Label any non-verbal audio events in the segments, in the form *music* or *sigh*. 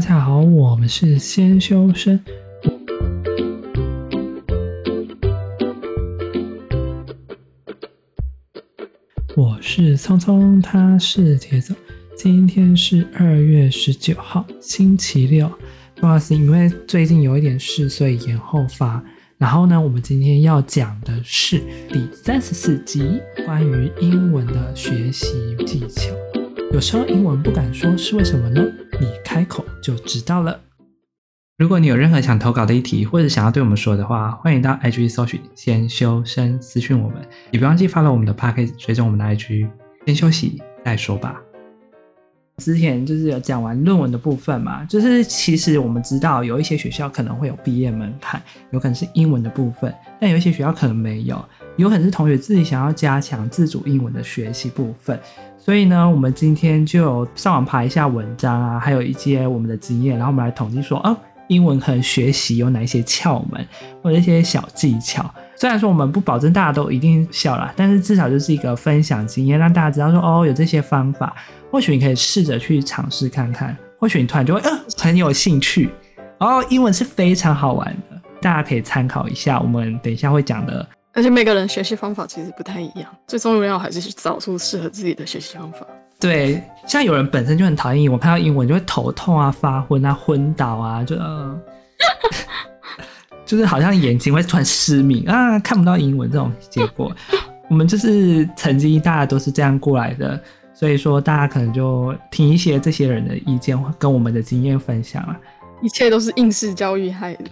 大家好，我們是先修身。我是聰聰，他是鐵總。今天是二月十九號，星期六。不好意思，因為最近有一點事，所以延後發。然後呢，我們今天要講的是第三十四集，關於英文的學習技巧。有時候英文不敢說，是為什麼呢？你開口就知道了。如果你有任何想投稿的議題，或者想要對我們說的話，歡迎到 IG 搜尋“先修身”，私訊我們。也別忘記 follow 我們的 podcast，追蹤我們的 IG。先休息再說吧。之前就是有講完論文的部分嘛，就是其實我們知道有一些學校可能會有畢業門檻，有可能是英文的部分，但有一些學校可能沒有，有可能是同學自己想要加強自主英文的學習部分。所以呢，我們今天就上網爬一下文章啊，還有一些我們的經驗，然後我們來統計說，哦，英文可能學習有哪一些竅門或者一些小技巧。雖然說我們不保證大家都一定笑啦，但是至少就是一個分享經驗，讓大家知道說，哦，有這些方法，或許你可以試着去嘗試看看，或許你突然就會，嗯、呃，很有興趣。哦，英文是非常好玩的，大家可以參考一下，我們等一下會講的。而且每個人學習方法其實不太一樣，最重要還是去找出適合自己的學習方法。對，像有人本身就很討厭我看到英文就會頭痛啊、發昏啊、昏倒啊，就，呃、 *laughs* 就是好像眼睛會突然失明啊，看不到英文這種結果。 *laughs* 我們就是曾經大家都是這樣過來的，所以說大家可能就聽一些這些人的意見，跟我們的經驗分享啊，一切都是應試教育害的。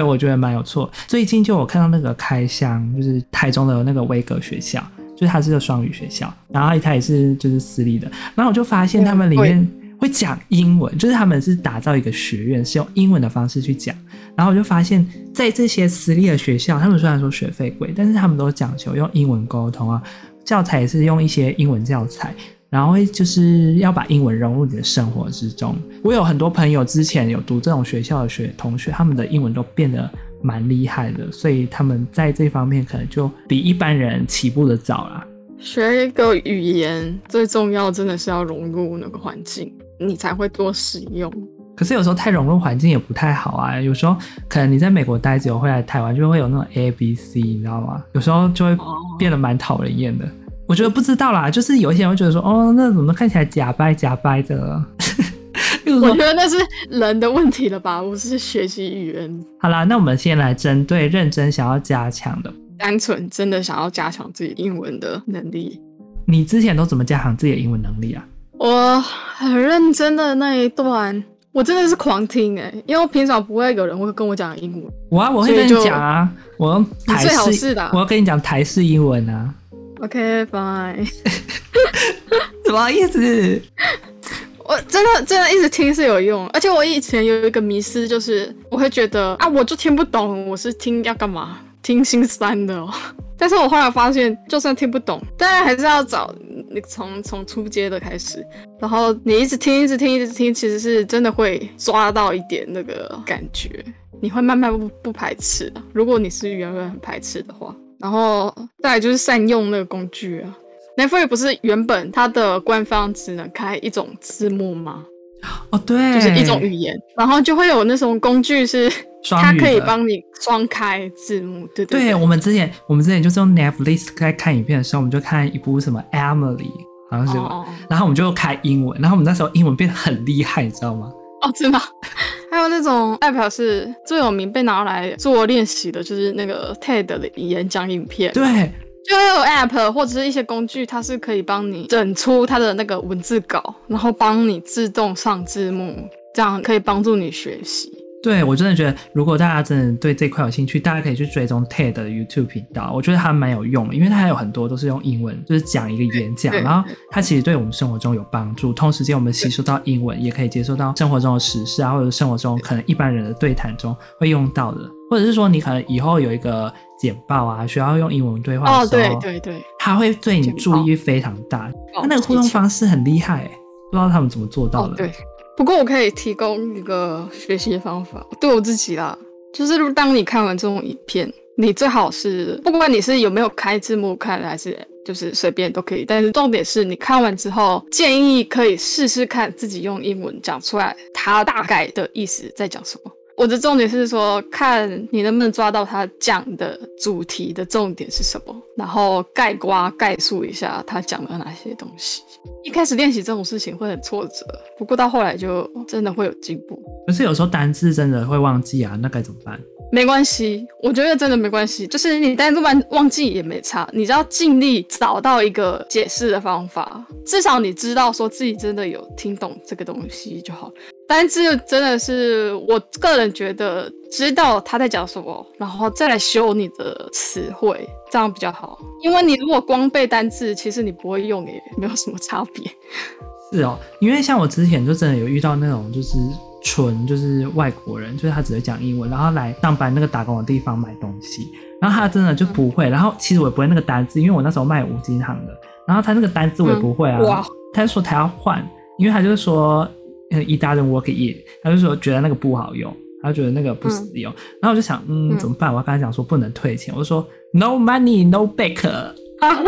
對，我覺得蠻有錯。最近就我看到那個開箱，就是台中的那個威格學校，就是它是一個雙語學校，然後它也是就是私立的。然後我就發現他們裡面會講英文，就是他們是打造一個學院，是用英文的方式去講。然後我就發現，在這些私立的學校，他們雖然說學費貴，但是他們都講求用英文溝通啊。教材也是用一些英文教材，然後就是要把英文融入你的生活之中。我有很多朋友之前有讀這種學校的學同學，他們的英文都變得蠻厲害的，所以他們在這方面可能就比一般人起步的早啦。學一個語言最重要，真的是要融入那個環境，你才會多使用。可是有時候太融入環境也不太好啊。有時候可能你在美國待久了，會回來台灣就會有那種 ABC，你知道嗎？有時候就會變得蠻討人厭的。我覺得不知道啦，就是有一些人會覺得說，哦，那怎麼看起來假掰假掰的啊？ *laughs* 我覺得那是人的問題了吧。我是學習語言。好啦，那我們先來針對認真想要加強的，單純真的想要加強自己英文的能力。你之前都怎麼加強自己的英文能力啊？我很認真的那一段。我真的是狂聽哎、欸，因為我平常不會有人會跟我講英文，我啊，我會跟你講啊，我用台式的、啊，我要跟你講台式英文啊。OK，Bye、okay。什 *laughs* 麼意思？我真的真的一直聽是有用，而且我以前有一個迷思，就是我會覺得啊，我就聽不懂，我是聽要幹嘛？聽心酸的、哦。但是我後來發現，就算聽不懂，但是還是要找你從從初階的開始，然後你一直聽，一直聽，一直聽，其實是真的會抓到一點那個感覺，你會慢慢不不排斥。如果你是原本很排斥的話，然後再來就是善用那個工具啊。Netflix 不是原本它的官方只能開一種字幕嗎？哦，對，就是一種語言，然後就會有那種工具是，它可以幫你雙開字幕，對對，對。我們之前我們之前就是用 Netflix 在看影片的時候，我們就看一部什麼 Emily，好像是、哦，然後我們就開英文，然後我們那時候英文變得很厲害，你知道嗎？哦，真的。 *laughs* 還有那種代表是最有名被拿來做練習的，就是那個 TED 的演講影片，對。就有 app 或者是一些工具，它是可以幫你整出它的那個文字稿，然後幫你自動上字幕，這樣可以幫助你學習。對，我真的覺得，如果大家真的對這塊有興趣，大家可以去追蹤 Ted 的 YouTube 頻道，我覺得它蠻有用的，因為它還有很多都是用英文，就是講一個演講，對對對，然後它其實對我們生活中有幫助。同時間，我們吸收到英文，也可以接受到生活中的時事啊，或者生活中可能一般人的對談中會用到的。或者是說，你可能以後有一個簡報啊，需要用英文對話哦，對對對，他會對你注意非常大。他那個互動方式很厲害，欸，不知道他們怎麼做到的哦。對，不過我可以提供一個學習方法，對我自己啦，就是，就是當你看完這種影片，你最好是不管你是有沒有開字幕看，還是就是隨便都可以，但是重點是你看完之後，建議可以試試看自己用英文講出來，他大概的意思在講什麼。我的重點是說，看你能不能抓到他講的主題的重點是什麼，然後概括概述一下他講了哪些東西。一開始練習這種事情會很挫折，不過到後來就真的會有進步。可是有時候單字真的會忘記啊，那該怎麼辦？沒關係，我覺得真的沒關係，就是你單字忘忘記也沒差，你只要盡力找到一個解釋的方法，至少你知道說自己真的有聽懂這個東西就好。單字真的是我個人覺得，知道他在講什麼，然後再來修你的詞彙，這樣比較好。因為你如果光背單字，其實你不會用、欸，也沒有什麼差別。是哦，因為像我之前就真的有遇到那種就是。純就是外國人，就是他只會講英文，然後來上班那個打工的地方買東西，然後他真的就不會，然後其實我也不會那個單字，因為我那時候賣五金行的，然後他那個單字我也不會啊，嗯、他就說他要換，因為他就是說，嗯，he doesn't work it，他就說覺得那個不好用，他就覺得那個不實用，嗯、然後我就想嗯，嗯，怎麼辦？我剛才講說不能退錢，我就說 no money no back、啊。 *laughs*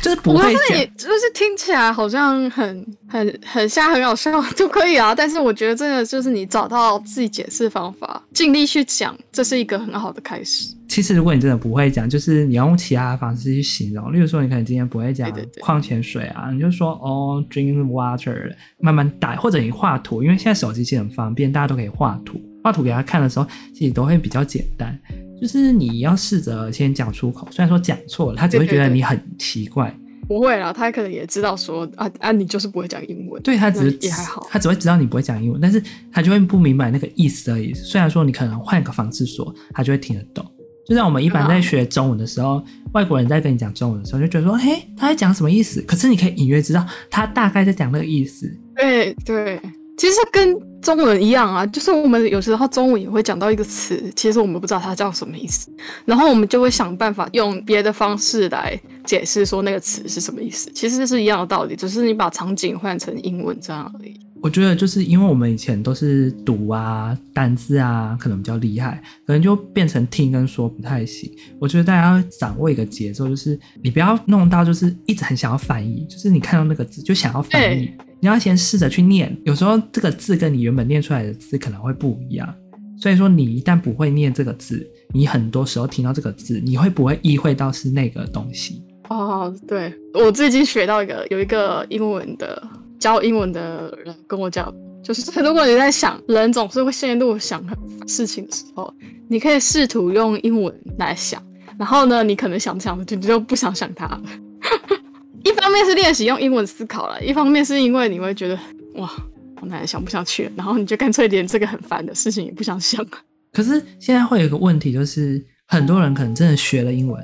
就是、不會我發現你就是聽起來好像很很很像很好笑就可以啊，但是我覺得真的就是你找到自己解釋方法，盡力去講，這是一個很好的開始。其實如果你真的不會講，就是你要用其他的方式去形容，例如說你可能今天不會講礦泉水啊，對對對，你就是說哦、oh, drink water，慢慢打，或者你畫圖，因為現在手機其實很方便，大家都可以畫圖，畫圖給他看的時候，其實都會比較簡單。就是你要試着先講出口，雖然說講錯了，他只會覺得你很奇怪。對對對。不會啦，他可能也知道說啊啊，啊你就是不會講英文。對，他只是也還好，他只會知道你不會講英文，但是他就會不明白那個意思而已。雖然說你可能換個方式說，他就會聽得懂。就像我們一般在學中文的時候，外國人在跟你講中文的時候，就覺得說，嘿，他在講什麼意思？可是你可以隱約知道他大概在講那個意思。對對。其實跟中文一樣啊，就是我們有時候中文也會講到一個詞，其實我們不知道它叫什麼意思，然後我們就會想辦法用別的方式來解釋說那個詞是什麼意思。其實這是一樣的道理，只、就是你把場景換成英文這樣而已。我覺得就是因為我們以前都是讀啊、單字啊，可能比較厲害，可能就變成聽跟說不太行。我覺得大家要掌握一個節奏，就是你不要弄到就是一直很想要翻譯，就是你看到那個字就想要翻譯。你要先試着去念，有時候這個字跟你原本念出來的字可能會不一樣。所以說，你一旦不會念這個字，你很多時候聽到這個字，你會不會意會到是那個東西？哦，對，我最近學到一個，有一個英文的教英文的人跟我講，就是如果你在想人總是會陷入想事情的時候，你可以試圖用英文來想，然後呢，你可能想不想就就不想想它。 *laughs* 一方面是練習用英文思考了，一方面是因為你會覺得，哇，我奶奶想不想去？然後你就乾脆連這個很煩的事情也不想想。可是現在會有一個問題，就是很多人可能真的學了英文，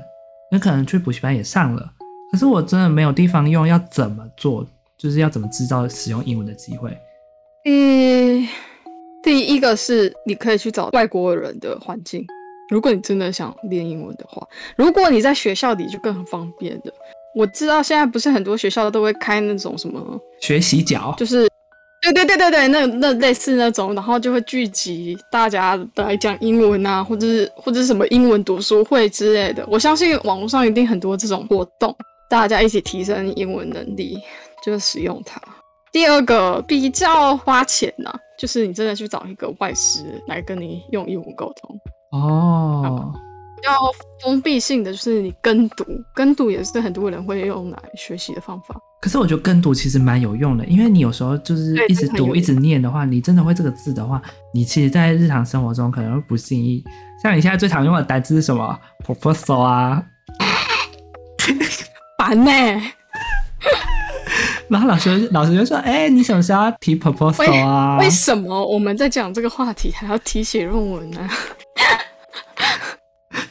那可能去補習班也上了，可是我真的沒有地方用，要怎麼做？就是要怎麼制造使用英文的機會？嗯，第一個是你可以去找外國人的環境，如果你真的想練英文的話，如果你在學校裡就更方便了。我知道現在不是很多學校都會開那種什麼學習角，就是，對對對對對，那那類似那種，然後就會聚集大家都來講英文啊，或者是或者是什麼英文讀書會之類的。我相信網絡上一定很多這種活動，大家一起提升英文能力，就是使用它。第二個比較花錢呢啊，就是你真的去找一個外師來跟你用英文溝通哦。Oh. 要封閉性的就是你跟讀，跟讀也是很多人會用來學習的方法。可是我覺得跟讀其實蠻有用的，因為你有時候就是一直讀、一直念的話，你真的會這個字的話，你其實在日常生活中可能會不適應。像你現在最常用的單字是什麼？proposal 啊，煩 *laughs* 呢、欸。然後老師，老師就說：“哎、欸，你想不要提 proposal 啊？”為什麼我們在講這個話題還要提寫論文呢、啊？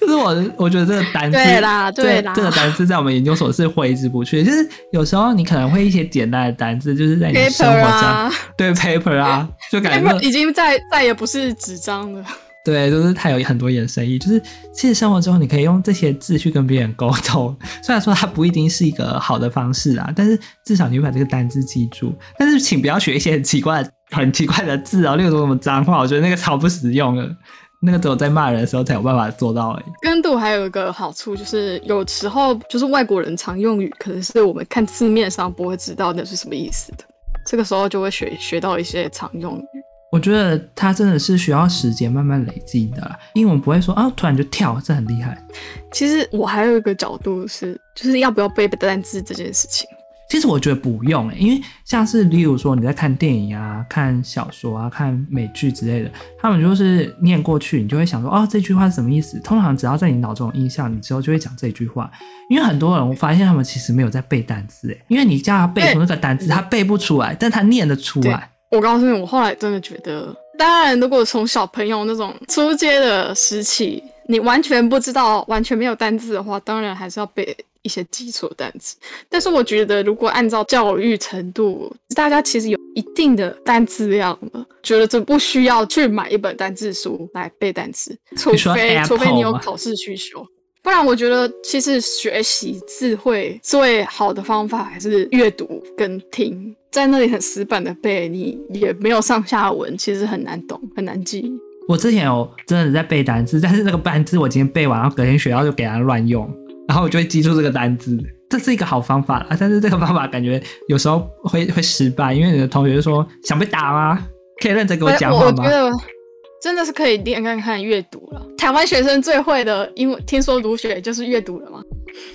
就是我，我覺得這個單字，啦，對啦，對這個單字在我們研究所是揮之不去。就是有時候你可能會一些簡單的單字就是在你生活中、啊，對 paper 啊，就感覺、paper、已經在再也不是紙張了。對，就是它有很多衍生意。就是其實生活中，你可以用這些字去跟別人溝通。雖然說它不一定是一個好的方式啊，但是至少你會把這個單字記住。但是請不要學一些很奇怪、很奇怪的字哦、啊，那種什麼髒話，我覺得那個超不實用的。那個只有在罵人的時候才有辦法做到哎、欸。跟讀還有一個好處就是，有時候就是外國人常用語，可能是我們看字面上不會知道那是什麼意思的，這個時候就會學，學到一些常用語。我覺得它真的是需要時間慢慢累積的，英文不會說啊，突然就跳，這很厲害。其實我還有一個角度是，就是要不要背背單詞這件事情。其實我覺得不用欸，因為像是例如說你在看電影啊、看小說啊、看美劇之類的，他們就是念過去，你就會想說哦，這句話是什麼意思？通常只要在你腦中有印象，你之後就會講這句話。因為很多人我發現他們其實沒有在背單字，哎，因為你叫他背那個單字，他背不出來，但他念得出來。我告訴你，我後來真的覺得，當然，如果從小朋友那種初階的時期，你完全不知道、完全沒有單字的話，當然還是要背。一些基礎單詞，但是我覺得，如果按照教育程度，大家其實有一定的單詞量了，覺得這不需要去買一本單字書來背單詞，除非除非你有考試需求，不然我覺得其實學習智慧最好的方法還是閱讀跟聽，在那裡很死板的背，你也沒有上下文，其實很難懂，很難記。我之前有真的在背單詞，但是那個單字我今天背完，然後隔天學到就給他亂用。然後我就會記住這個單字，這是一個好方法啊。但是這個方法感覺有時候會會失敗，因為你的同學說：“想被打嗎？可以認真給我講話嗎？”我覺得真的是可以練看看閱讀了。台灣學生最會的英文，聽說讀寫就是閱讀了嗎？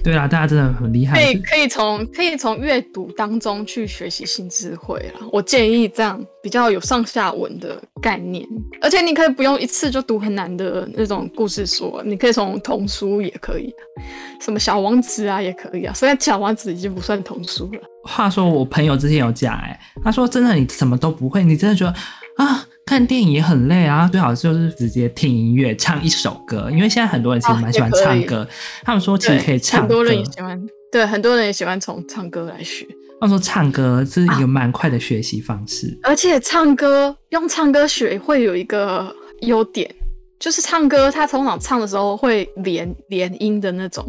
對啦，大家真的很厲害。可以可以從可以從閱讀當中去學習新智慧啦。我建議這樣比較有上下文的概念，而且你可以不用一次就讀很難的那種故事書，你可以從童書也可以、啊，什麼小王子啊也可以啊。雖然小王子已經不算童書了。話說我朋友之前有講哎、欸，他說真的你什麼都不會，你真的覺得啊。看電影也很累啊，最好就是直接聽音樂唱一首歌，因為現在很多人其實蠻喜歡唱歌、啊。他們說其實可以唱歌。很多人也喜歡。對，很多人也喜歡從唱歌來學。他們說唱歌是一個蠻快的學習方式、啊。而且唱歌，用唱歌學會有一個優點，就是唱歌他通常唱的時候會連連音的那種，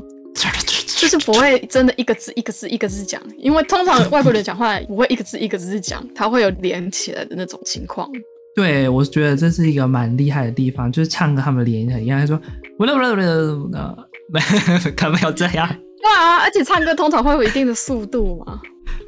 就是不會真的一個字一個字一個字講，因為通常外國人講話不會一個字一個字講，他會有連起來的那種情況。對，我是覺得這是一個蠻厲害的地方，就是唱歌，他們的臉很厲害。他說，不啦不啦不啦不啦，可沒有這樣。對啊，而且唱歌通常會有一定的速度嘛。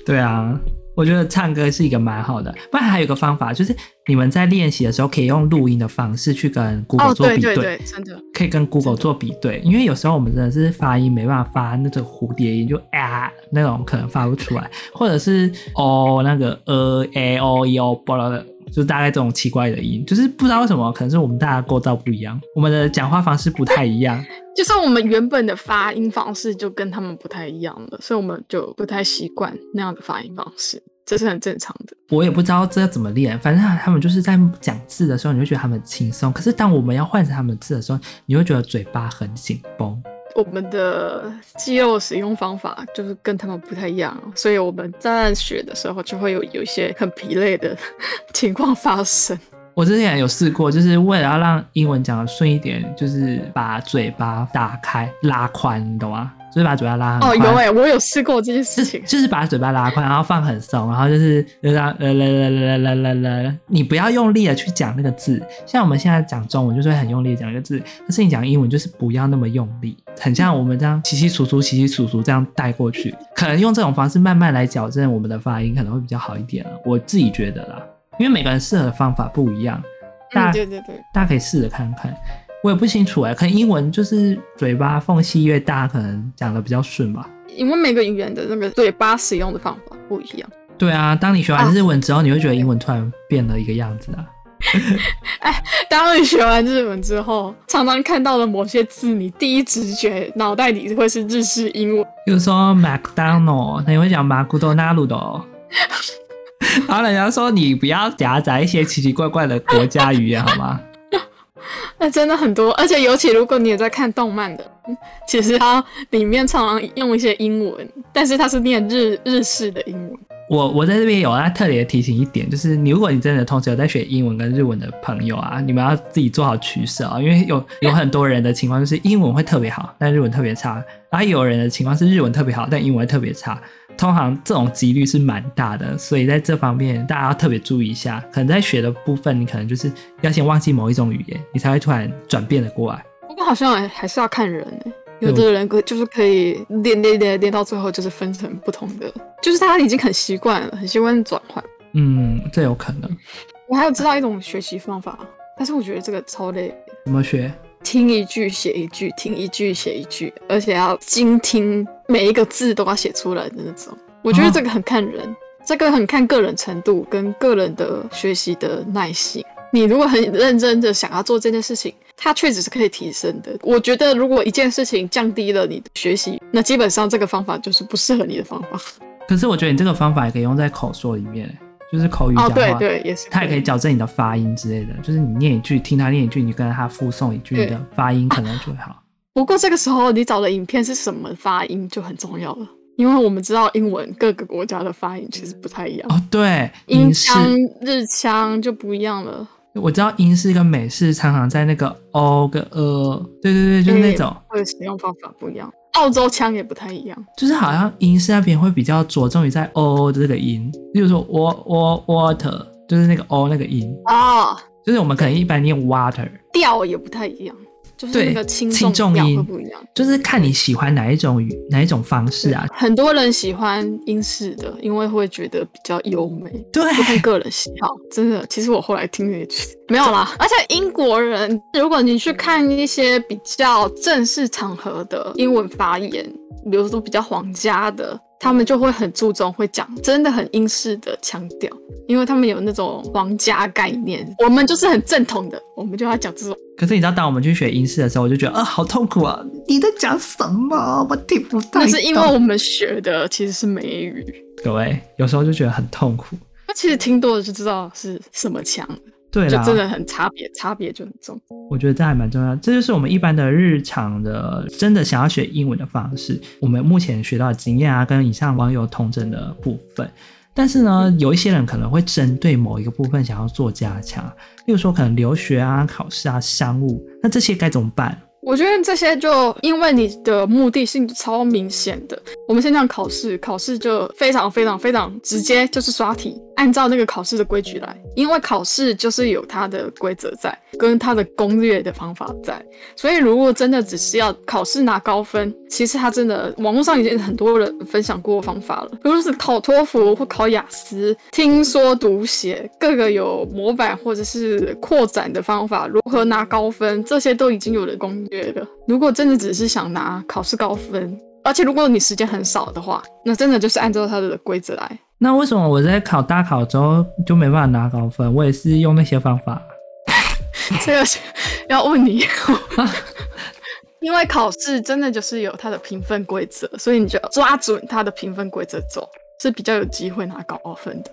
對啊，我覺得唱歌是一個蠻好的。不然還有個方法，就是你們在練習的時候可以用錄音的方式去跟 Google 做比對，真的可以跟 Google 做比對。因為有時候我們真的是發音沒辦法發那種蝴蝶音，就啊那種可能發不出來，或者是哦那個呃 a o e o 巴的。就大概這種奇怪的音，就是不知道為什麼，可能是我們大家構造不一樣，我們的講話方式不太一樣，就算我們原本的發音方式就跟他們不太一樣了，所以我們就不太習慣那樣的發音方式，這是很正常的。我也不知道這要怎麼練，反正他們就是在講字的時候，你會覺得他們輕鬆，可是當我們要換成他們字的時候，你會覺得嘴巴很緊繃。我們的肌肉使用方法就是跟他們不太一樣，所以我們在學的時候就會有有一些很疲累的情況發生。我之前有試過，就是為了要讓英文講得順一點，就是把嘴巴打開拉寬，你懂嗎？就是把嘴巴拉哦，有哎、欸，我有試過這件事情。就是、就是、把嘴巴拉寬，然後放很鬆， *laughs* 然後就是讓呃呃呃呃呃呃呃，就是、 *laughs* 你不要用力的去講那個字。像我們現在講中文，就是會很用力的講一個字，但是你講英文就是不要那麼用力，很像我們這樣齊齊楚楚、齊齊楚楚這樣帶過去。可能用這種方式慢慢來矯正我們的發音，可能會比較好一點、啊。我自己覺得啦，因為每個人適合的方法不一樣，大、嗯、對對對，大家可以試着看看。我也不清楚、欸、可能英文就是嘴巴縫隙越大，可能講得比較順吧。因為每個語言的那個嘴巴使用的方法不一樣。對啊，當你學完日文之後，啊、你會覺得英文突然變了一個樣子啊。 *laughs* 哎，當你學完日文之後，常常看到的某些字，你第一直覺腦袋裡會是日式英文。比如說 McDonald，他也會講馬古多娜魯多。 *laughs* 然後人家說你不要夾雜一些奇奇怪怪的國家語言，好嗎？ *laughs* 那真的很多，而且尤其如果你也在看動漫的，其實它裡面常常用一些英文，但是它是念日日式的英文。我我在這邊有要特別提醒一點，就是如果你真的同時有在學英文跟日文的朋友啊，你們要自己做好取捨啊，因為有有很多人的情況就是英文會特別好，但日文特別差；而、啊、有人的情況是日文特別好，但英文特別差。通常這種幾率是蠻大的，所以在這方面大家要特別注意一下。可能在學的部分，你可能就是要先忘記某一種語言，你才會突然轉變的過來。不過好像還是要看人、欸。有的人可就是可以練練，練練練練到最後就是分成不同的，就是他已經很習慣了，很習慣轉換。嗯，這有可能。我還有知道一種學習方法，但是我覺得這個超累。怎麼學？聽一句寫一句，聽一句寫一句，而且要精聽，每一個字都要寫出來的那種。我覺得這個很看人，哦，這個很看個人程度跟個人的學習的耐心。你如果很認真的想要做這件事情。它確實是可以提升的。我覺得，如果一件事情降低了你的學習，那基本上這個方法就是不適合你的方法。可是，我覺得你這個方法也可以用在口說裡面，就是口語講話，哦、對對也是，它也可以矯正你的發音之類的。就是你念一句，聽他念一句，你跟着他復誦一句，你的發音可能就會好、啊。不過，這個時候你找的影片是什麼發音就很重要了，因為我們知道英文各個國家的發音其實不太一樣。哦，對，英腔、日腔就不一樣了。我知道英式跟美式，常常在那個 o 跟 e，對對對、欸，就是那種。會使用方法不一樣，澳洲腔也不太一樣，就是好像英式那邊會比較着重於在 o 的這個音，比如說 w w water，就是那個 o 那個音。哦，就是我們可能一般念 water 調也不太一樣。就是那個輕重，重音會不一樣，就是看你喜歡哪一種語、哪一種方式啊。很多人喜歡英式的，因為會覺得比較優美。對，不看個人喜好，真的。其實我後來聽那些沒有啦。 *laughs* 而且英國人，如果你去看一些比較正式場合的英文發言，比如說比較皇家的。他們就會很注重，會講，真的很英式的腔調，因為他們有那種皇家概念。我們就是很正統的，我們就要講這種。可是你知道，當我們去學英式的時候，我就覺得，啊、呃，好痛苦啊！你在講什麼？我聽不懂。但是因為我們學的其實是美語。各位有時候就覺得很痛苦。那其實聽多了就知道是什麼腔。對了，就真的很差別，差別就很重。我覺得這還蠻重要，這就是我們一般的日常的，真的想要學英文的方式，我們目前學到的經驗啊，跟以上網友統整的部分。但是呢，有一些人可能會針對某一個部分想要做加強，例如說可能留學啊、考試啊、商務，那這些該怎麼辦？我覺得這些就因為你的目的性超明顯的，我們先講考試，考試就非常非常非常直接，就是刷題，按照那個考試的規矩來，因為考試就是有它的規則在，跟它的攻略的方法在，所以如果真的只是要考試拿高分，其實它真的網絡上已經很多人分享過方法了，比如說是考托福或考雅思，聽說讀寫各個有模板或者是擴展的方法，如何拿高分，這些都已經有攻略。覺得，如果真的只是想拿考試高分，而且如果你時間很少的話，那真的就是按照它的規則來。那為什麼我在考大考之後就沒辦法拿高分？我也是用那些方法。 *laughs* 這個要問你， *laughs* *laughs* 因為考試真的就是有它的評分規則，所以你就抓準它的評分規則走，是比較有機會拿高分的。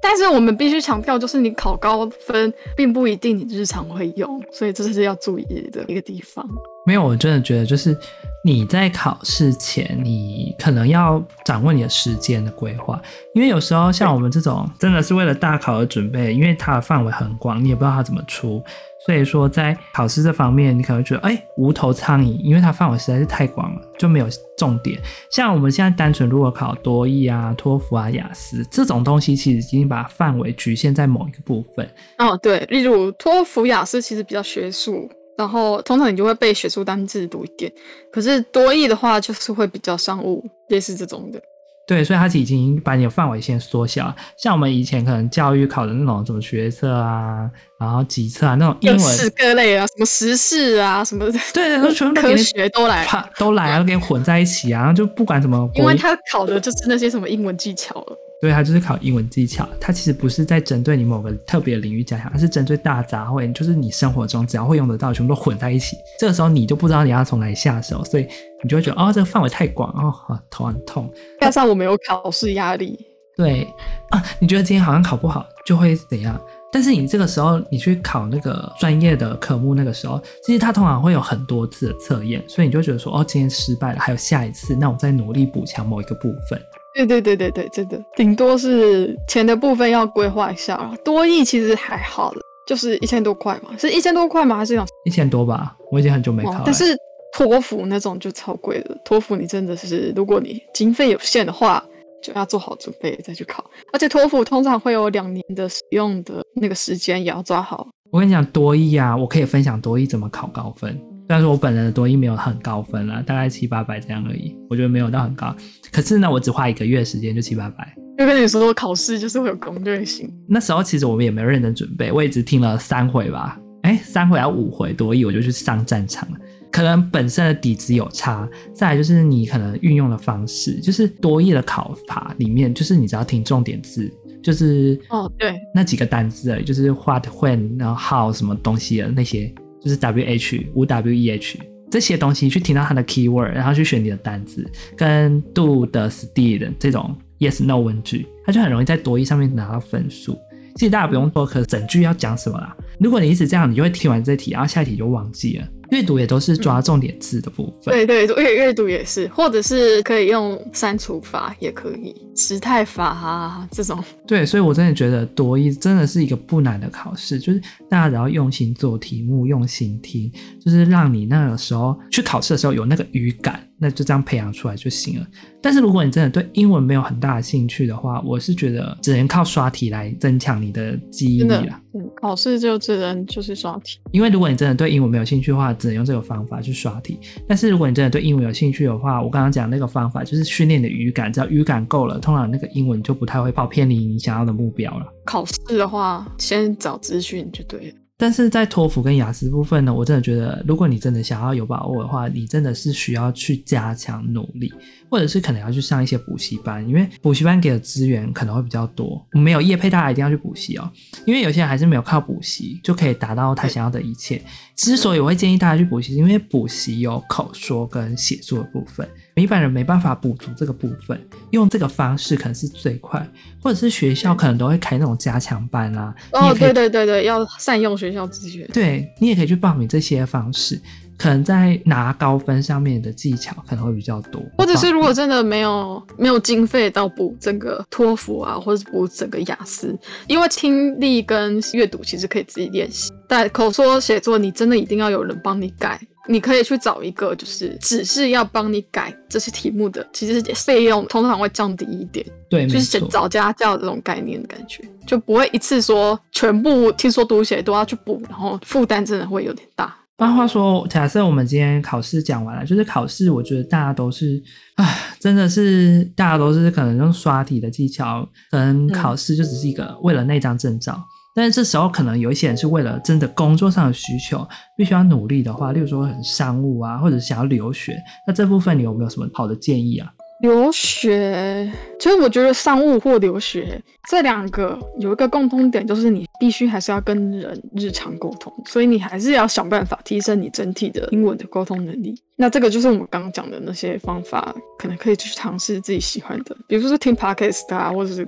但是我們必須強調，就是你考高分並不一定你日常會用，所以這是要注意的一個地方。沒有，我真的覺得就是你在考試前，你可能要掌握你的時間的規劃，因為有時候像我們這種真的是為了大考而準備，因為它的範圍很廣，你也不知道它怎麼出。所以說，在考試這方面，你可能會覺得，哎，無頭蒼蠅，因為它範圍實在是太廣了，就沒有重點。像我們現在單純如果考多益啊、托福啊、雅思這種東西，其實已經把範圍局限在某一個部分。哦，對，例如托福、雅思其實比較學術，然後通常你就會背學術單字讀一點。可是多益的話，就是會比較商務，類似這種的。對，所以他是已經把你的範圍先縮小了。像我們以前可能教育考的那種，什麼學測啊，然後基測啊，那種英文各、各類啊，什麼時事啊，什麼對，那全部都學都來了，都來、啊，都給你混在一起啊，就不管怎麼，因為他考的就是那些什麼英文技巧了。所以它就是考英文技巧。它其實不是在針對你某個特別的領域加強，而是針對大雜燴，就是你生活中只要會用得到，全部都混在一起。這個時候你就不知道你要從哪裡下手，所以你就會覺得哦，這個範圍太廣，哦，啊，頭很痛。加上我沒有考試壓力，對啊，你覺得今天好像考不好就會怎樣？但是你這個時候你去考那個專業的科目，那個時候其實它通常會有很多次的測驗，所以你就覺得說哦，今天失敗了，還有下一次，那我再努力補強某一個部分。對對對對對，真的，頂多是錢的部分要規劃一下然後多益其實還好就是一千多塊嘛，是一千多塊嗎？還是兩，一千多吧？我已經很久沒考、哦、但是托福那種就超貴的。托福你真的是，如果你經費有限的話，就要做好準備再去考。而且托福通常會有兩年的使用的那個時間，也要抓好。我跟你講，多益啊，我可以分享多益怎麼考高分。但是我本人的多益沒有很高分了，啊，大概七八百這樣而已。我覺得沒有到很高，可是呢，我只花一個月時間就七八百。就跟你說，說，考試就是會有攻略性。那時候其實我們也沒有認真準備，我也只聽了三回吧，哎、欸，三回要五回多益，我就去上戰場了。可能本身的底子有差，再來就是你可能運用的方式，就是多益的考法裡面，就是你只要聽重點字，就是哦對，那幾個單字而已，就是 what、when 然後 how 什麼東西的那些。就是 W H 五 W E H 這些東西，你去聽到它的 keyword，然後去選你的單詞，跟 do the still 這種 yes no 問句，它就很容易在多益上面拿到分數。其實大家不用 focus 整句要講什麼啦。如果你一直這樣，你就會聽完這題，然後下一題就忘記了。閱讀也都是抓重點字的部分，嗯、對，對對，閱閱讀也是，或者是可以用刪除法，也可以時態法啊這種。對，所以我真的覺得多益真的是一個不難的考試，就是大家只要用心做題目，用心聽，就是讓你那個時候去考試的時候有那個語感，那就這樣培養出來就行了。但是如果你真的對英文沒有很大的興趣的話，我是覺得只能靠刷題來增強你的記憶力了。嗯，考試就只能就是刷題，因為如果你真的對英文沒有興趣的話。只能用這個方法去刷題，但是如果你真的對英文有興趣的話，我剛剛講那個方法就是訓練的語感，只要語感夠了，通常那個英文就不太會跑偏離你想要的目標了。考試的話，先找資訊就對了。但是在托福跟雅思部分呢，我真的覺得，如果你真的想要有把握的話，你真的是需要去加強努力，或者是可能要去上一些補習班，因為補習班給的資源可能會比較多。沒有業配，大家一定要去補習哦，因為有些人還是沒有靠補習就可以達到他想要的一切。之所以我會建議大家去補習，是因為補習有口說跟寫作的部分。一般人沒辦法補足這個部分，用這個方式可能是最快，或者是學校可能都會開那種加強班啦、啊。哦，對對對對，要善用學校資源。對，你也可以去報名這些方式，可能在拿高分上面的技巧可能會比較多。或者是如果真的沒有沒有經費到補整個托福啊，或者是補整個雅思，因為聽力跟閱讀其實可以自己練習，但口說寫作你真的一定要有人幫你改。你可以去找一個，就是只是要幫你改這些題目的，其實費用通常會降低一點。對，就是找家教這種概念的感覺，就不會一次說全部聽說讀寫都要去補，然後負擔真的會有點大。不然話說，假設我們今天考試講完了，就是考試，我覺得大家都是，唉，真的是大家都是可能用刷題的技巧，可能考試就只是一個為了那張證照。嗯但是這時候可能有一些人是為了真的工作上的需求，必須要努力的話，例如說很商務啊，或者想要留學，那這部分你有沒有什麼好的建議啊？留學其實，就我覺得商務或留學這兩個有一個共通點，就是你必須還是要跟人日常溝通，所以你還是要想辦法提升你整體的英文的溝通能力。那這個就是我們剛剛講的那些方法，可能可以去嘗試自己喜歡的，比如說聽 Podcast 啊，或者是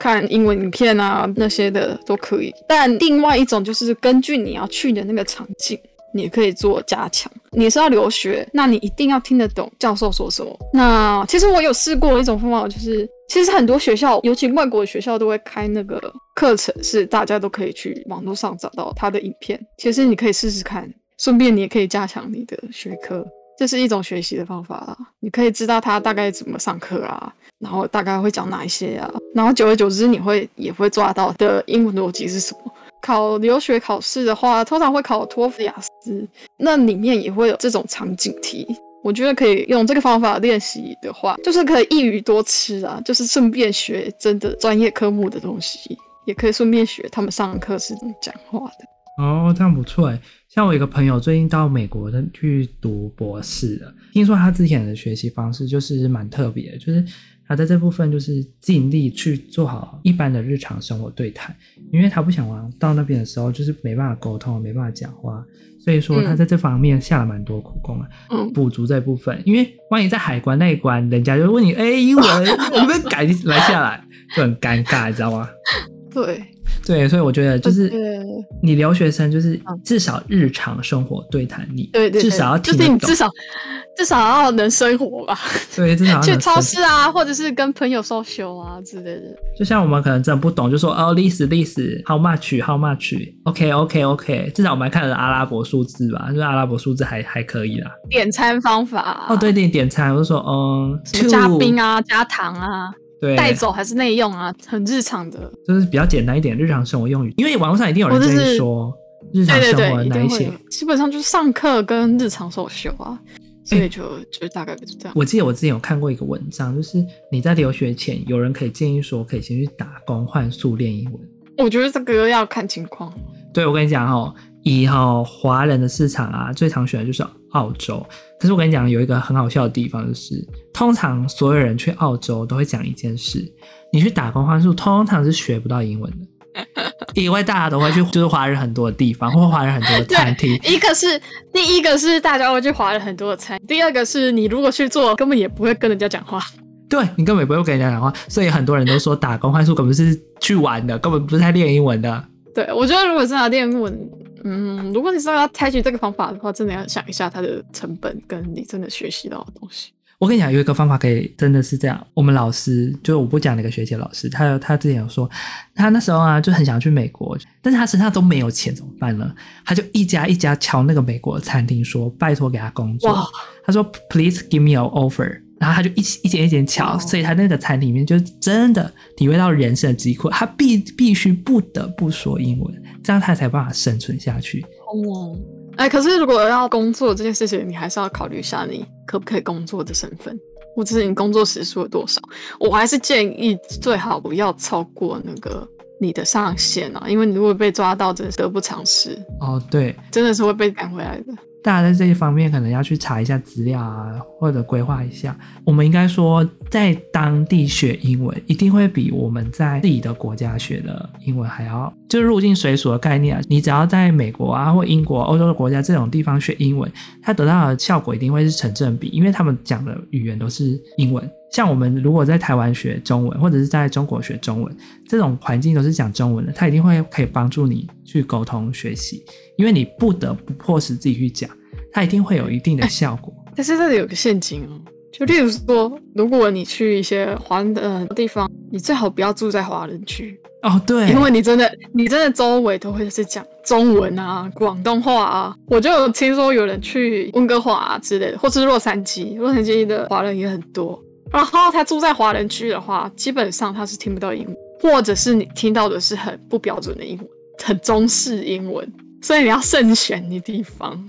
看英文影片啊那些的都可以。但另外一種就是根據你要去的那個場景。你也可以做加強，你也是要留學，那你一定要聽得懂教授所說什麼？那其實我有試過一種方法，就是其實很多學校，尤其外國的學校，都會開那個課程是，是大家都可以去網絡上找到他的影片。其實你可以試試看，順便你也可以加強你的學科，這是一種學習的方法啦。你可以知道他大概怎麼上課啊，然後大概會講哪一些啊，然後久而久之，你會也會抓到的英文邏輯是什麼。考留學考試的話，通常會考托福、雅思，那裡面也會有這種場景題。我覺得可以用這個方法練習的話，就是可以一魚多吃啊，就是順便學真的專業科目的東西，也可以順便學他們上課是怎麼講話的。哦，這樣不錯哎。像我一個朋友最近到美國去讀博士了，聽說他之前的學習方式就是蠻特別的，就是。他在這部分就是盡力去做好一般的日常生活對談，因為他不想往、啊、到那邊的時候就是沒辦法溝通，沒辦法講話，所以說他在這方面下了蠻多苦功啊、嗯。補足這部分，因為萬一在海關那一關，人家就問你哎，英、欸、文，你被改來下來，就很尷尬，你知道嗎？對。對，所以我覺得就是你留學生就是至少日常生活對談你，對對對對至少要聽懂，就是你至少至少要能生活吧。對，至少 *laughs* 去超市啊，或者是跟朋友 social 啊之類的。就像我們可能真的不懂，就說哦，this this，how much，how much，OK，OK，OK、okay, okay, okay.。至少我們還看了阿拉伯數字吧,就是阿拉伯數字還還可以啦。點餐方法哦，對對，點餐，我就說嗯，加冰啊，two. 加糖啊。帶走還是內用啊？很日常的，就是比較簡單一點日常生活用語。因為網絡上一定有人在說、就是、日常生活對對對哪一些一，基本上就是上課跟日常生活啊，所以就、欸、就是、大概就這樣。我記得我之前有看過一個文章，就是你在留學前，有人可以建議說，可以先去打工換宿練英文。我覺得這個要看情況。對，我跟你講哦。以哈、哦、華人的市場啊，最常選的就是澳洲。可是我跟你講，有一個很好笑的地方就是，通常所有人去澳洲都會講一件事：你去打工換宿，通常是學不到英文的，因 *laughs* 為大家都會去就是華人很多的地方，或華人很多的餐廳。一個是第一個是大家會去華人很多的餐，第二個是你如果去做，根本也不會跟人家講話。對，你根本也不會跟人家講話，所以很多人都說打工換宿根本是去玩的，根本不是在練英文的。對，我覺得如果是要練英文。嗯，如果你是要採取這個方法的話，真的要想一下它的成本跟你真的學習到的東西。我跟你講，有一個方法可以真的是這樣。我們老師就我不講那個學姐老師，她她之前有說，她那時候啊就很想去美國，但是她身上都沒有錢，怎麼辦呢？她就一家一家敲那個美國餐廳，說拜託給他工作。她說：“Please give me an offer。”然後他就一一件一件敲，哦，所以他那個餐裡面就真的體會到人生的疾苦，他必必須不得不說英文，這樣他才有辦法生存下去。哦，哎、欸，可是如果要工作這件事情，你還是要考慮一下你可不可以工作的身份，或者是你工作時數有多少。我還是建議最好不要超過那個你的上限啊，因為你如果被抓到，真的是得不償失。哦，對，真的是會被趕回來的。大家在這一方面可能要去查一下資料啊，或者規劃一下。我們應該說，在當地學英文，一定會比我們在自己的國家學的英文還要，就是入境隨俗的概念啊，你只要在美國啊或英國啊、歐洲的國家這種地方學英文，它得到的效果一定會是成正比，因為他們講的語言都是英文。像我們如果在台灣學中文，或者是在中國學中文，這種環境都是講中文的，它一定會可以幫助你去溝通學習，因為你不得不迫使自己去講，它一定會有一定的效果。欸、但是這裡有個陷阱哦、喔，就例如說，如果你去一些華人的地方，你最好不要住在華人區哦，對，因為你真的，你真的周圍都會是講中文啊、廣東話啊。我就有聽說有人去溫哥華、啊、之類的，或是洛杉磯，洛杉磯的華人也很多。然後他住在華人區的話，基本上他是聽不到英文，或者是你聽到的是很不標準的英文，很中式英文，所以你要慎選你地方。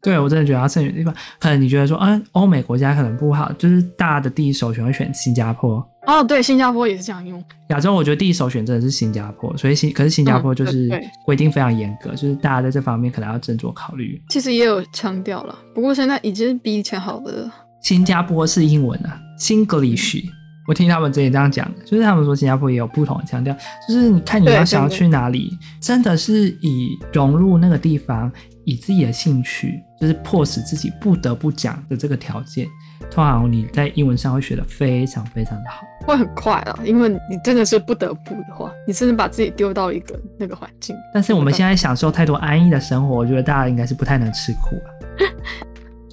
對，我真的覺得要慎選的地方，可能你覺得說，嗯、啊，歐美國家可能不好，就是大的第一首選會選新加坡。哦，對，新加坡也是這樣用。亞洲我覺得第一首選真的是新加坡，所以新可是新加坡就是規、嗯、定非常嚴格，就是大家在這方面可能要斟酌考慮。其實也有腔調了，不過現在已經比以前好的了。新加坡是英文啊 Singlish 我聽他們之前這樣講的，就是他們說新加坡也有不同的腔調，就是你看你要想要去哪裡、啊，真的是以融入那個地方，以自己的興趣，就是迫使自己不得不講的這個條件，通常你在英文上會學得非常非常的好，會很快啊，因為你真的是不得不的話，你真的把自己丟到一個那個環境。但是我們現在享受太多安逸的生活，我覺得大家應該是不太能吃苦吧、啊。 *laughs*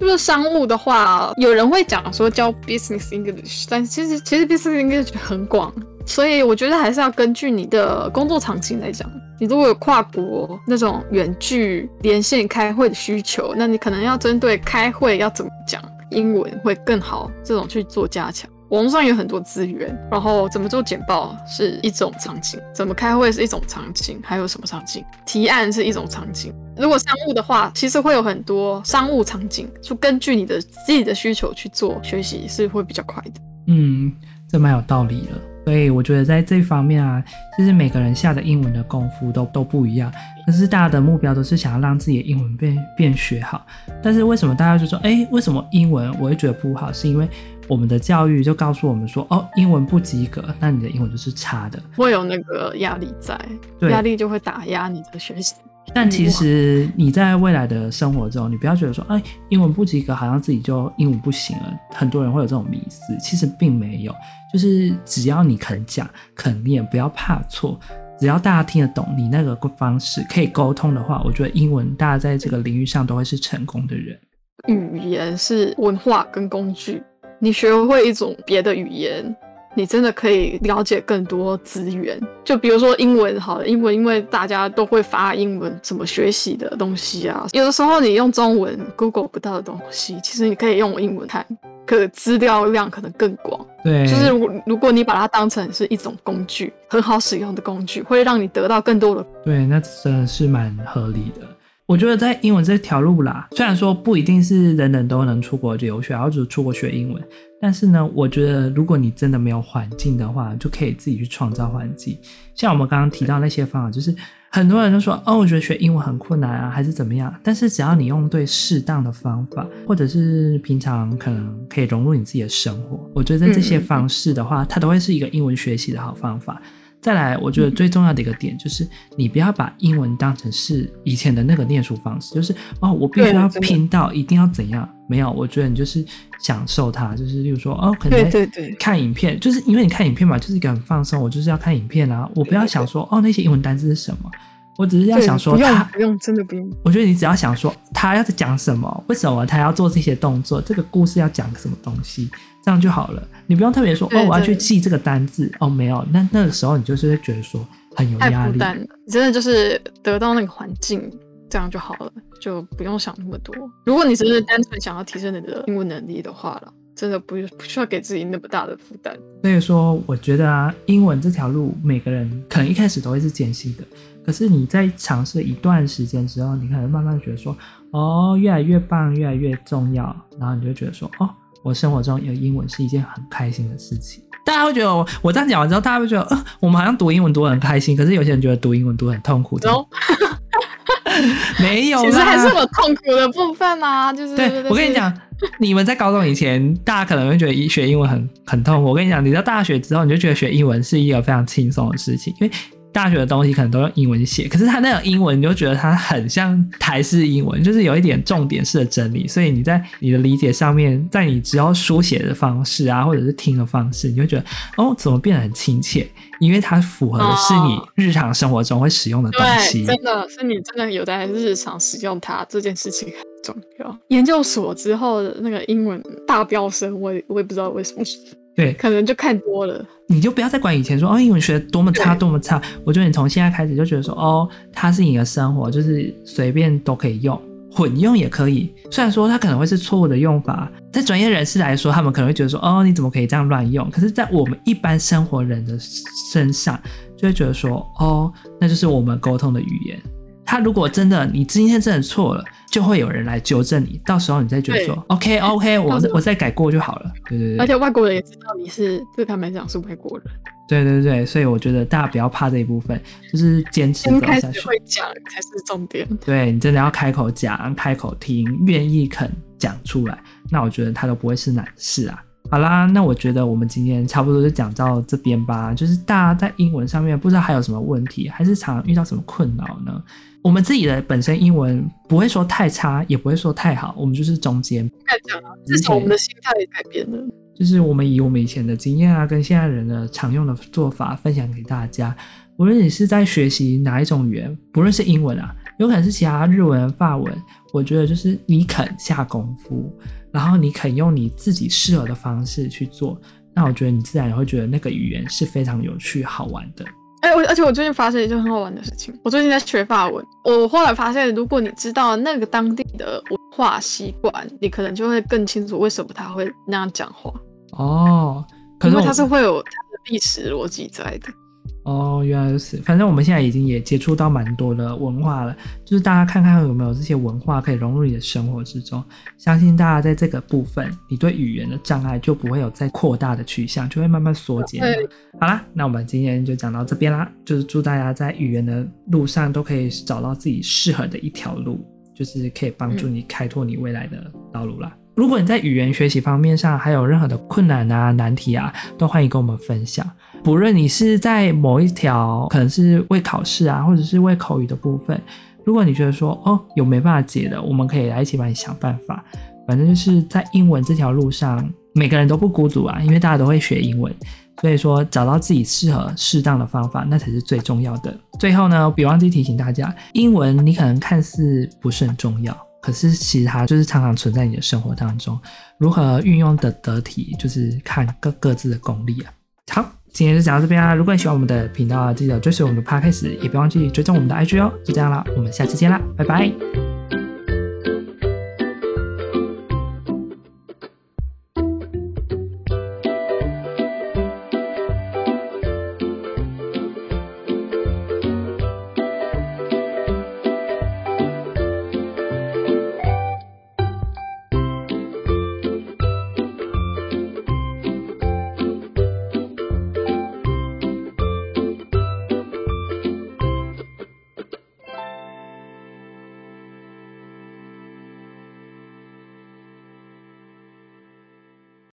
就是商務的話，有人會講說教 business English，但其實其實 business English 很廣，所以我覺得還是要根據你的工作場景來講。你如果有跨國那種遠距連線開會的需求，那你可能要針對開會要怎麼講英文會更好，這種去做加強。網路上有很多資源，然後怎麼做簡報是一種場景，怎麼開會是一種場景，還有什麼場景？提案是一種場景。如果商務的話，其實會有很多商務場景，就根據你的自己的需求去做學習是會比較快的。嗯，這蠻有道理的。所以我覺得在這方面啊，就是每個人下的英文的功夫都都不一樣，可是大家的目標都是想要讓自己的英文變變學好。但是為什麼大家就說，欸，為什麼英文我會覺得不好？是因為我們的教育，就告訴我們說：“哦，英文不及格，那你的英文就是差的，會有那個壓力在。對，壓力就會打壓你的學習。但其實你在未來的生活中，你不要覺得說，哎，英文不及格，好像自己就英文不行了。很多人會有這種迷思，其實並沒有，就是只要你肯講、肯念，不要怕錯，只要大家聽得懂你那個方式可以溝通的話，我覺得英文大家在這個領域上都會是成功的人。語言是文化跟工具。”你學會一種別的語言，你真的可以了解更多資源。就比如說英文，好了，英文因為大家都會發英文，怎麼學習的東西啊？有的時候你用中文 Google 不到的東西，其實你可以用英文看，可資料量可能更廣。對，就是如果如果你把它當成是一種工具，很好使用的工具，會讓你得到更多的。對，那真的是蠻合理的。我覺得在英文這條路啦，雖然說不一定是人人都能出國留學，然後就出國學英文，但是呢，我覺得如果你真的沒有環境的話，就可以自己去創造環境。像我們剛剛提到那些方法，就是很多人都說，哦，我覺得學英文很困難啊，還是怎麼樣？但是只要你用對適當的方法，或者是平常可能可以融入你自己的生活，我覺得在這些方式的話，嗯嗯，它都會是一個英文學習的好方法。再來，我覺得最重要的一個點就是，你不要把英文當成是以前的那個唸書方式，就是哦，我必須要拼到，一定要怎樣？沒有，我覺得你就是享受它，就是例如說哦，可能看影片，對對對，就是因為你看影片嘛，就是一個很放鬆。我就是要看影片啊，我不要想說對對對，哦，那些英文單詞是什麼，我只是要想說他不用，真的不用。我覺得你只要想說他要在講什麼，為什麼他要做這些動作，這個故事要講什麼東西。這樣就好了，你不用特別說哦，我要去記這個單字，哦，沒有，那那個時候你就是會覺得說很有壓力，你真的就是得到那個環境，這樣就好了，就不用想那麼多。如果你只是，是單純想要提升你的英文能力的話了，真的不不需要給自己那麼大的負擔。所以說，我覺得啊，英文這條路每個人可能一開始都會是艱辛的，可是你在嘗試一段時間之後，你可能慢慢覺得說哦，越來越棒，越來越重要，然後你就覺得說哦。我生活中有英文是一件很開心的事情，大家會覺得我我這樣講完之後，大家會覺得呃，我們好像讀英文讀得很開心，可是有些人覺得讀英文讀得很痛苦， *laughs* 沒有，其實還是我痛苦的部分啊，就是對，對，我跟你講， *laughs* 你們在高中以前，大家可能會覺得學英文很很痛苦，我跟你講，你到大學之後，你就覺得學英文是一個非常輕鬆的事情，因為。大學的東西可能都用英文寫，可是他那個英文你就覺得它很像台式英文，就是有一點重點式的整理，所以你在你的理解上面，在你只要書寫的方式啊，或者是聽的方式，你就覺得哦，怎麼變得很親切？因為它符合的是你日常生活中會使用的東西，哦、對，真的是你真的有在日常使用它，這件事情很重要。研究所之後的那個英文大飆升，我也我也不知道為什麼。對，可能就看多了，你就不要再管以前說哦，英文學得多麼差多麼差。我覺得你從現在開始就覺得說哦，它是你的生活，就是隨便都可以用，混用也可以。雖然說它可能會是錯誤的用法，在專業人士來說，他們可能會覺得說哦，你怎麼可以這樣亂用？可是，在我們一般生活人的身上，就會覺得說哦，那就是我們溝通的語言。他如果真的，你今天真的錯了，就會有人來糾正你。到時候你再覺得說，OK OK，我我再改過就好了。對對對。而且外國人也知道你是對他們來講是外國人。對對對，所以我覺得大家不要怕這一部分，就是堅持走下去。開始會講才是重點。對，你真的要開口講、開口聽、願意肯講出來，那我覺得他都不會是難事啊。好啦，那我覺得我們今天差不多就講到這邊吧。就是大家在英文上面不知道還有什麼問題，還是常遇到什麼困擾呢？我們自己的本身英文不會說太差，也不會說太好，我們就是中間。自從、啊、我們的心態也改變了，就是我們以我們以前的經驗啊，跟現在人的常用的做法分享給大家。無論你是在學習哪一種語言，不論是英文啊。有可能是其他日文、法文，我覺得就是你肯下功夫，然後你肯用你自己適合的方式去做，那我覺得你自然也會覺得那個語言是非常有趣、好玩的。哎、欸，我而且我最近發現一件很好玩的事情，我最近在學法文，我後來發現，如果你知道那個當地的文化習慣，你可能就會更清楚為什麼他會那樣講話。哦，可能因為他是會有他的歷史邏輯在的。哦，原來如此、就是。反正我們現在已經也接觸到蠻多的文化了，就是大家看看有沒有這些文化可以融入你的生活之中。相信大家在這個部分，你對語言的障礙就不會有再擴大的趨向，就會慢慢縮減了。好啦，那我們今天就講到這邊啦，就是祝大家在語言的路上都可以找到自己適合的一條路，就是可以幫助你開拓你未來的道路啦。嗯、如果你在語言學習方面上還有任何的困難啊、難題啊，都歡迎跟我們分享。不論你是在某一條，可能是為考試啊，或者是為口語的部分，如果你覺得說哦，有沒辦法解的，我們可以來一起幫你想辦法。反正就是在英文這條路上，每個人都不孤獨啊，因為大家都會學英文，所以說找到自己適合適當的方法，那才是最重要的。最後呢，我別忘記提醒大家，英文你可能看似不是很重要，可是其實它就是常常存在你的生活當中，如何運用的得、得體，就是看各各自的功力了啊。好。今天就講到這邊啦，啊！如果你喜歡我們的頻道，記得追隨我們的 podcast，也別忘記追蹤我們的 IG 哦！就這樣啦，我們下期見啦，拜拜！